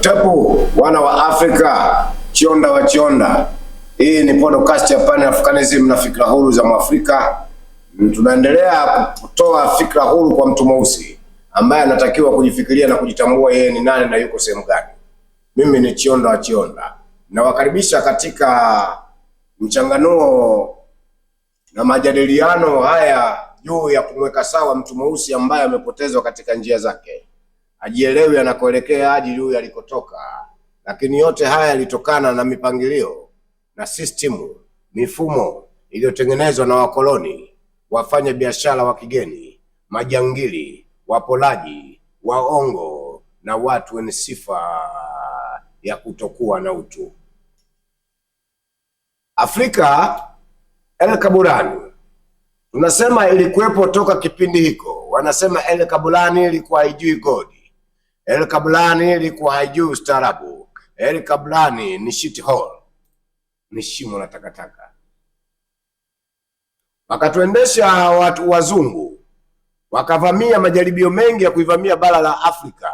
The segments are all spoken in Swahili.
Tepu, wana wa Afrika, chionda wa chionda. Hii ni podcast ya Pan Africanism na fikra huru za Mwafrika. Tunaendelea kutoa fikra huru kwa mtu mweusi ambaye anatakiwa kujifikiria na kujitambua yeye ni nani na yuko sehemu gani. Mimi ni chionda wa chionda, nawakaribisha katika mchanganuo na majadiliano haya juu ya kumweka sawa mtu mweusi ambaye amepotezwa katika njia zake ajielewi anakoelekea hadi huyu alikotoka, lakini yote haya yalitokana na mipangilio na sistimu, mifumo iliyotengenezwa na wakoloni, wafanya biashara wa kigeni, majangili, wapolaji, waongo na watu wenye sifa ya kutokuwa na utu. Afrika El Kaburani tunasema ilikuwepo toka kipindi hiko, wanasema El Kaburani ilikuwa haijui godi El Kablani ilikuwa haijui ustaarabu. El Kablani ni shit hole, ni shimo la takataka. Wakatuendesha watu wazungu, wakavamia majaribio mengi ya kuivamia bara la Afrika.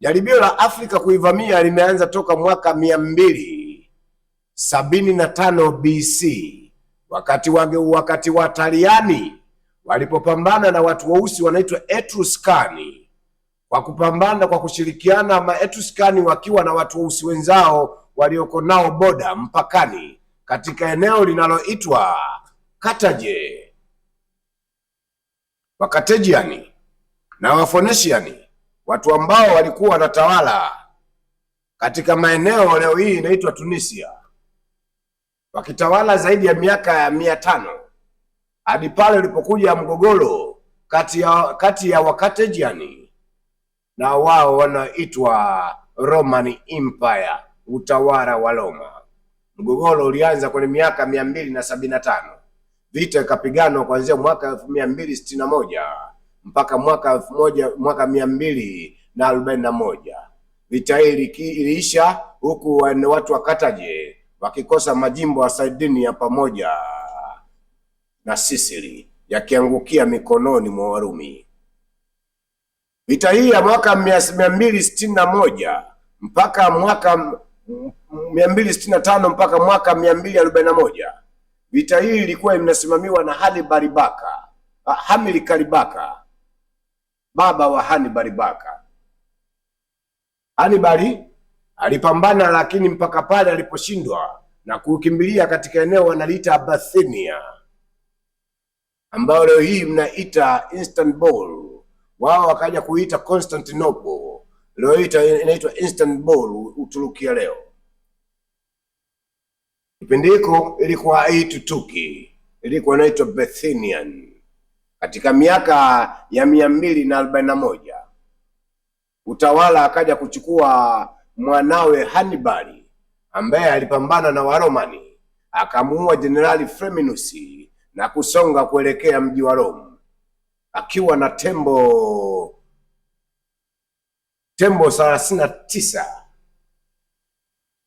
Jaribio la Afrika kuivamia limeanza toka mwaka mia mbili sabini na tano BC wakati wange, wakati Wataliani walipopambana na watu weusi wanaitwa Etruskani kwa kupambana kwa kushirikiana maETUSKANI wakiwa na watu weusi wenzao walioko nao boda mpakani katika eneo linaloitwa Kataje, Wakatejiani na Wafonesiani, watu ambao walikuwa wanatawala katika maeneo leo hii inaitwa Tunisia, wakitawala zaidi ya miaka ya mia tano hadi pale ulipokuja mgogoro kati ya, kati ya Wakatejiani na wao wanaitwa Roman Empire, utawala wa Roma. Mgogoro ulianza kwenye miaka mia mbili na sabini na tano. Vita ikapiganwa kuanzia mwaka elfu mia mbili sitini na moja mpaka mwaka elfu moja mwaka mia mbili na arobaini na moja. Vita hii iliisha huku watu wa Kataje wakikosa majimbo ya Sardinia pamoja na Sisili yakiangukia mikononi mwa Warumi. Vita hii ya mwaka mia mbili sitini na moja mpaka mwaka mia mbili sitini na tano mpaka mwaka mia mbili arobaini na moja vita hii ilikuwa inasimamiwa na Hani Baribaka, Hamili Karibaka, baba wa Hani Baribaka. Hanibali alipambana lakini mpaka pale aliposhindwa na kukimbilia katika eneo wanaliita Abathinia, ambayo leo hii mnaita Istanbul wao wakaja kuita Constantinople, leo inaitwa Istanbul Uturukia leo. Kipindi hiko ilikuwa haitwi ilikuwa inaitwa Bethinian katika miaka ya mia mbili na arobaini na moja utawala akaja kuchukua mwanawe Hannibal ambaye alipambana na Waromani akamuua jenerali freminus na kusonga kuelekea mji wa Roma akiwa na tembo tembo thelathini na tisa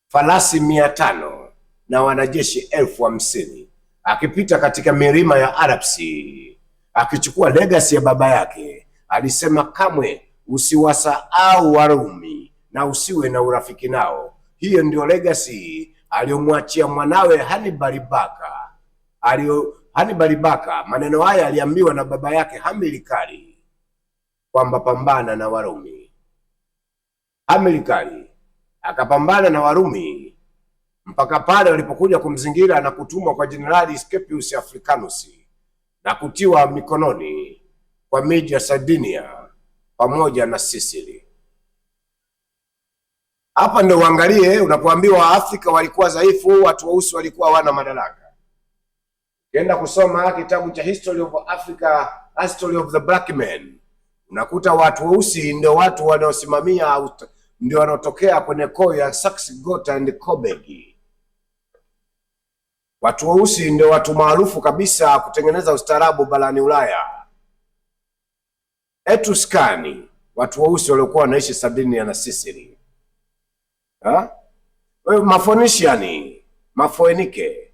farasi mia tano na wanajeshi elfu hamsini akipita katika milima ya Arabsi akichukua legasi ya baba yake. Alisema, kamwe usiwasahau Warumi na usiwe na urafiki nao. Hiyo ndio legasi aliyomwachia mwanawe Hannibal Barca Hannibal Baka maneno haya aliambiwa na baba yake Hamilkari kwamba pambana na Warumi. Hamilkari akapambana na Warumi mpaka pale walipokuja kumzingira na kutumwa kwa Jenerali Scipius Africanus na kutiwa mikononi kwa miji ya Sardinia pamoja na Sicily. Hapa ndio uangalie unapoambiwa Waafrika walikuwa dhaifu, watu weusi walikuwa hawana madaraka Ukienda kusoma kitabu cha History of Africa, History of the Black Men, unakuta watu weusi ndio watu wanaosimamia, ndio wanaotokea kwenye koo ya Saxe Gotha and Coburg. Watu weusi ndio watu maarufu kabisa kutengeneza ustaarabu barani Ulaya. Etruscani, watu weusi waliokuwa wanaishi Sardinia na Sicily. Mafonishiani, Mafoenike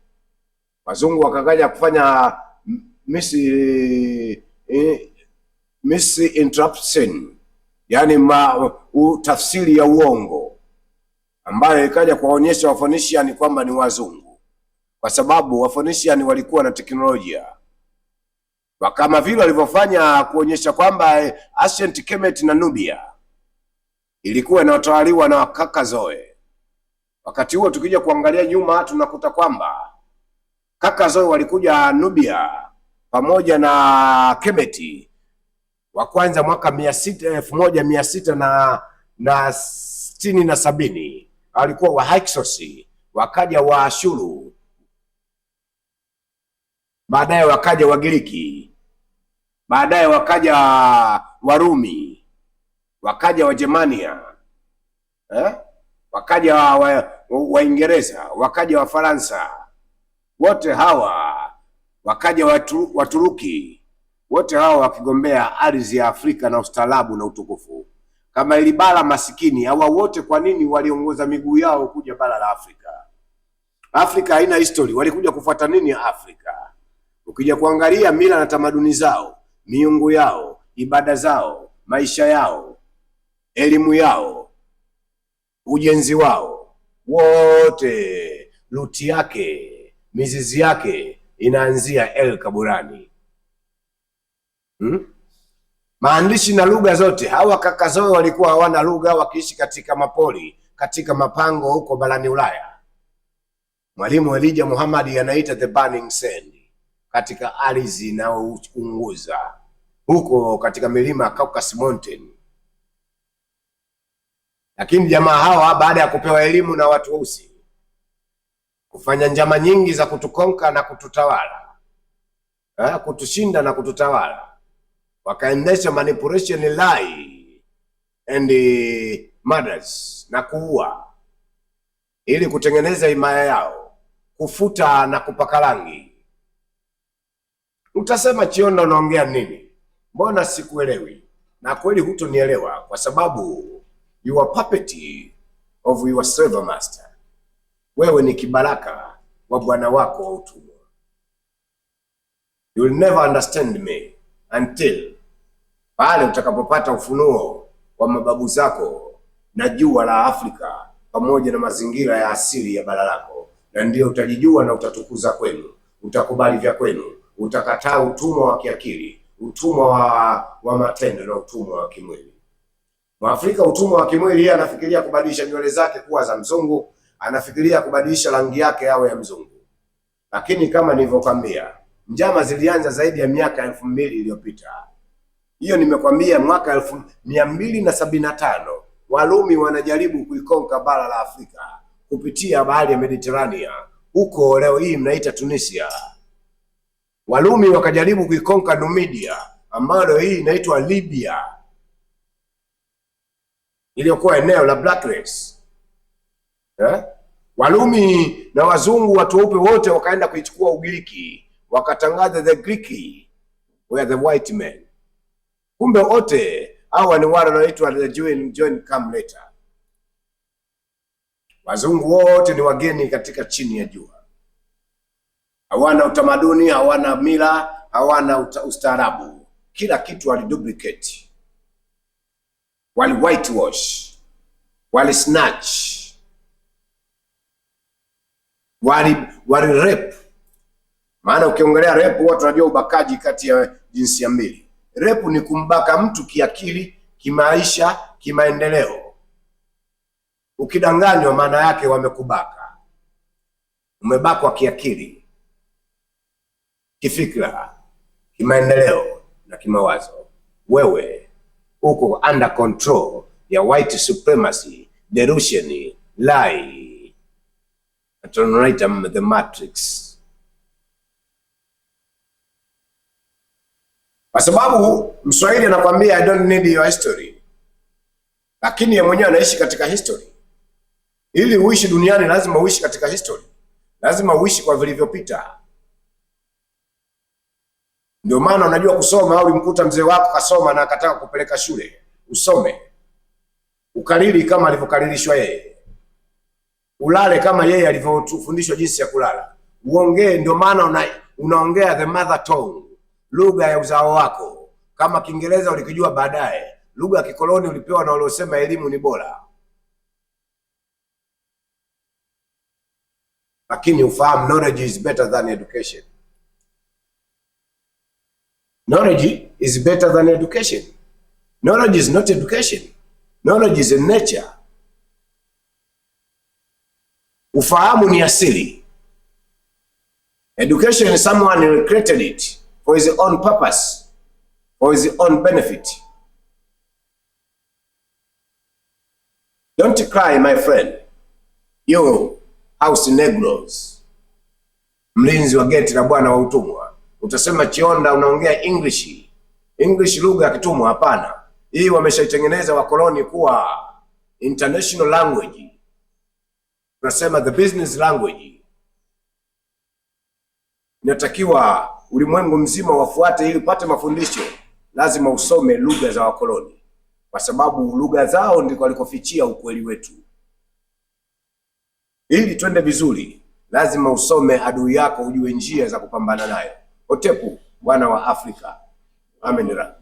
wazungu wakakaja kufanya miss, eh, eh, miss interruption, yani ma, u, tafsiri ya uongo ambayo ikaja kuwaonyesha Wafonisiani kwamba ni wazungu, kwa sababu Wafonisiani walikuwa na teknolojia kama vile walivyofanya kuonyesha kwamba eh, Ancient Kemet na Nubia ilikuwa inatawaliwa na zoe Wakati huo tukija kuangalia nyuma, tunakuta kwamba Kaka zao walikuja Nubia pamoja na Kemeti wa kwanza mwaka mia sita elfu moja mia sita na na sitini na sabini alikuwa wa Hyksos, wakaja wa Ashuru, baadaye wakaja Wagiriki, baadaye wakaja Warumi, wakaja Wajermania eh? wakaja Waingereza, wa, wa wakaja Wafaransa wote hawa wakaja watu, Waturuki wote hawa wakigombea ardhi ya Afrika na ustaarabu na utukufu. Kama ili bara masikini hawa wote, kwa nini waliongoza miguu yao kuja bara la Afrika? Afrika haina history, walikuja kufuata nini Afrika? Ukija kuangalia mila na tamaduni zao, miungu yao, ibada zao, maisha yao, elimu yao, ujenzi wao, wote luti yake mizizi yake inaanzia El Kaburani hmm? Maandishi na lugha zote. Hawa kaka zao walikuwa hawana lugha, wakiishi katika mapori, katika mapango huko barani Ulaya. Mwalimu Elijah Muhammad anaita the burning sand, katika ardhi inayounguza huko katika milima ya Caucasus Mountain. Lakini jamaa hawa baada ya kupewa elimu na watu weusi kufanya njama nyingi za kutukonka na kututawala ha, kutushinda na kututawala, wakaendesha manipulation lie and murders na kuua ili kutengeneza himaya yao, kufuta na kupaka rangi. Utasema Chionda, unaongea nini? Mbona sikuelewi? Na kweli hutonielewa kwa sababu you are puppet of your server master wewe ni kibaraka wa bwana wako wa utumwa. You will never understand me until pale utakapopata ufunuo wa mababu zako na jua la Afrika pamoja na mazingira ya asili ya bara lako, na ndio utajijua na utatukuza kwenu, utakubali vya kwenu, utakataa utumwa wa kiakili, utumwa wa, wa matendo na utumwa wa kimwili. Mwafrika utumwa wa kimwili, yeye anafikiria kubadilisha nywele zake kuwa za mzungu anafikiria kubadilisha rangi yake yawe ya mzungu, lakini kama nilivyokwambia, njama zilianza zaidi ya miaka elfu mbili iliyopita. Hiyo nimekwambia mwaka elfu mia mbili na sabini na tano Warumi wanajaribu kuikonka bara la Afrika kupitia bahari ya Mediterania, huko leo hii mnaita Tunisia. Warumi wakajaribu kuikonka Numidia ambayo hii inaitwa Libya, iliyokuwa eneo la Black Race eh? Walumi na wazungu watu weupe wote wakaenda kuichukua Ugiriki, wakatangaza the Greek were the white men. Kumbe wote hawa ni wale wanaoitwa the join join come later. Wazungu wote ni wageni katika chini ya jua, hawana utamaduni, hawana mila, hawana ustaarabu, kila kitu waliduplicate, wali whitewash, wali snatch wali wali rep. Maana ukiongelea rep watu wanajua ubakaji kati ya jinsia mbili. Rep ni kumbaka mtu kiakili, kimaisha, kimaendeleo. Ukidanganywa maana yake wamekubaka, umebakwa kiakili, kifikra, kimaendeleo na kimawazo. Wewe uko under control ya white supremacy, delusion, lie Atronatum, the matrix. Kwa sababu Mswahili anakwambia I don't need your history, lakini ye mwenyewe anaishi katika history. Ili uishi duniani, lazima uishi katika history, lazima uishi kwa vilivyopita. Ndio maana unajua kusoma, au ulimkuta mzee wako kasoma na akataka kupeleka shule, usome ukariri kama alivyokaririshwa yeye ulale kama yeye alivyofundishwa jinsi ya kulala, uongee. Ndio maana una, unaongea the mother tongue, lugha ya uzao wako. Kama Kiingereza ulikijua baadaye, lugha ya kikoloni ulipewa na waliosema elimu ni bora, lakini ufahamu knowledge is better than education. Knowledge is better than education. Knowledge is not education. Knowledge is a nature. Ufahamu ni asili. Education someone created it for his own purpose, for his own benefit. Don't cry my friend. You house negroes. Mlinzi wa geti la bwana wa utumwa. Utasema Chionda, unaongea English. English lugha ya kitumwa? Hapana, hii wameshaitengeneza wakoloni kuwa international language tunasema the business language inatakiwa ulimwengu mzima wafuate, ili upate mafundisho lazima usome lugha za wakoloni, kwa sababu lugha zao ndiko walikofichia ukweli wetu. Ili twende vizuri, lazima usome adui yako, ujue njia za kupambana nayo. Otepu, bwana wa Afrika. Amen.